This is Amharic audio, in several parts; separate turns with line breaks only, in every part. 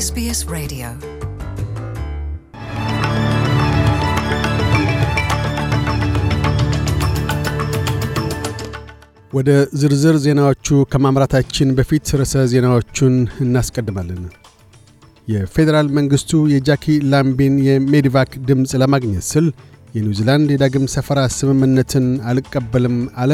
SBS Radio ወደ ዝርዝር ዜናዎቹ ከማምራታችን በፊት ርዕሰ ዜናዎቹን እናስቀድማለን። የፌዴራል መንግሥቱ የጃኪ ላምቢን የሜዲቫክ ድምፅ ለማግኘት ስል የኒውዚላንድ የዳግም ሰፈራ ስምምነትን አልቀበልም አለ።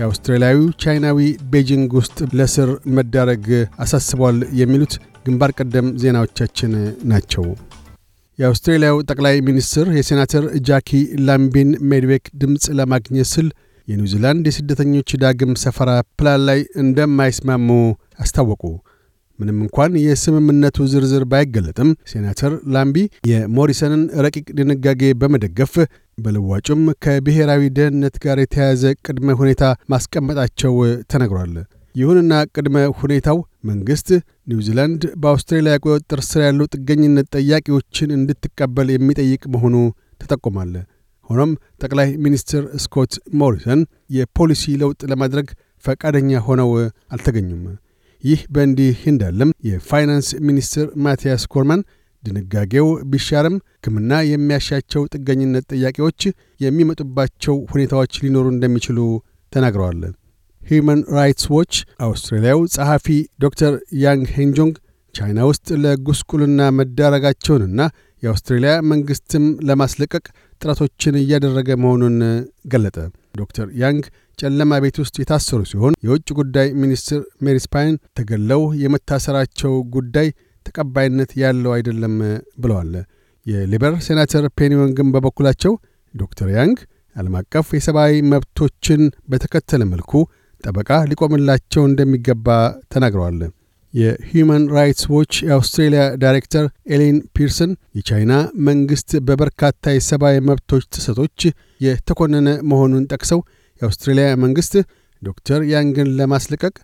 የአውስትራሊያዊው ቻይናዊ ቤጂንግ ውስጥ ለስር መዳረግ አሳስቧል የሚሉት ግንባር ቀደም ዜናዎቻችን ናቸው። የአውስትሬልያው ጠቅላይ ሚኒስትር የሴናተር ጃኪ ላምቢን ሜድቤክ ድምፅ ለማግኘት ስል የኒውዚላንድ የስደተኞች ዳግም ሰፈራ ፕላን ላይ እንደማይስማሙ አስታወቁ። ምንም እንኳን የስምምነቱ ዝርዝር ባይገለጥም ሴናተር ላምቢ የሞሪሰንን ረቂቅ ድንጋጌ በመደገፍ በልዋጩም ከብሔራዊ ደህንነት ጋር የተያያዘ ቅድመ ሁኔታ ማስቀመጣቸው ተነግሯል። ይሁንና ቅድመ ሁኔታው መንግሥት ኒውዚላንድ በአውስትራሊያ ቁጥጥር ስር ያሉ ጥገኝነት ጠያቂዎችን እንድትቀበል የሚጠይቅ መሆኑ ተጠቁማል። ሆኖም ጠቅላይ ሚኒስትር ስኮት ሞሪሰን የፖሊሲ ለውጥ ለማድረግ ፈቃደኛ ሆነው አልተገኙም። ይህ በእንዲህ እንዳለም የፋይናንስ ሚኒስትር ማቲያስ ኮርማን ድንጋጌው ቢሻርም ሕክምና የሚያሻቸው ጥገኝነት ጥያቄዎች የሚመጡባቸው ሁኔታዎች ሊኖሩ እንደሚችሉ ተናግረዋል። ሂዩማን ራይትስ ዎች አውስትራሊያው ጸሐፊ ዶክተር ያንግ ሄንጆንግ ቻይና ውስጥ ለጉስቁልና መዳረጋቸውንና የአውስትሬልያ መንግሥትም ለማስለቀቅ ጥረቶችን እያደረገ መሆኑን ገለጠ። ዶክተር ያንግ ጨለማ ቤት ውስጥ የታሰሩ ሲሆን የውጭ ጉዳይ ሚኒስትር ሜሪስፓይን ተገለው የመታሰራቸው ጉዳይ ተቀባይነት ያለው አይደለም ብለዋል። የሊበር ሴናተር ፔኒ በበኩላቸው ዶክተር ያንግ ዓለም አቀፍ የሰብአዊ መብቶችን በተከተለ መልኩ ጠበቃ ሊቆምላቸው እንደሚገባ ተናግረዋል። የሂዩማን ራይትስ ዎች የአውስትሬልያ ዳይሬክተር ኤሌን ፒርሰን የቻይና መንግሥት በበርካታ የሰብአዊ መብቶች ጥሰቶች የተኮነነ መሆኑን ጠቅሰው የአውስትሬልያ መንግሥት ዶክተር ያንግን ለማስለቀቅ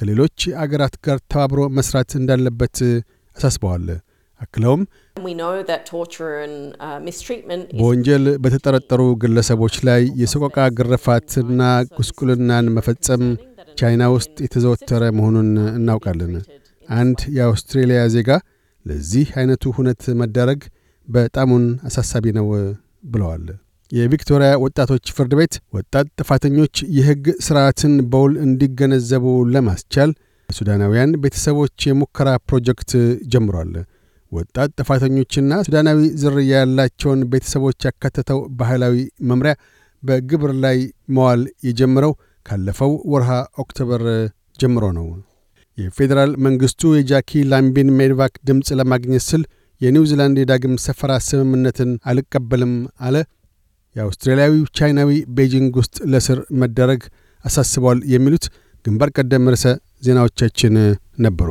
ከሌሎች አገራት ጋር ተባብሮ መስራት እንዳለበት አሳስበዋል። አክለውም uh, በወንጀል በተጠረጠሩ ግለሰቦች ላይ የሰቆቃ ግርፋትና ጉስቁልናን መፈጸም ቻይና ውስጥ የተዘወተረ መሆኑን እናውቃለን። አንድ የአውስትሬልያ ዜጋ ለዚህ አይነቱ ሁነት መዳረግ በጣሙን አሳሳቢ ነው ብለዋል። የቪክቶሪያ ወጣቶች ፍርድ ቤት ወጣት ጥፋተኞች የሕግ ሥርዓትን በውል እንዲገነዘቡ ለማስቻል ሱዳናውያን ቤተሰቦች የሙከራ ፕሮጀክት ጀምሯል። ወጣት ጥፋተኞችና ሱዳናዊ ዝርያ ያላቸውን ቤተሰቦች ያካተተው ባህላዊ መምሪያ በግብር ላይ መዋል የጀመረው ካለፈው ወርሃ ኦክቶበር ጀምሮ ነው። የፌዴራል መንግሥቱ የጃኪ ላምቢን ሜድቫክ ድምፅ ለማግኘት ስል የኒውዚላንድ የዳግም ሰፈራ ስምምነትን አልቀበልም አለ። የአውስትራሊያዊው ቻይናዊ ቤጂንግ ውስጥ ለስር መደረግ አሳስቧል። የሚሉት ግንባር ቀደም ርዕሰ ዜናዎቻችን ነበሩ።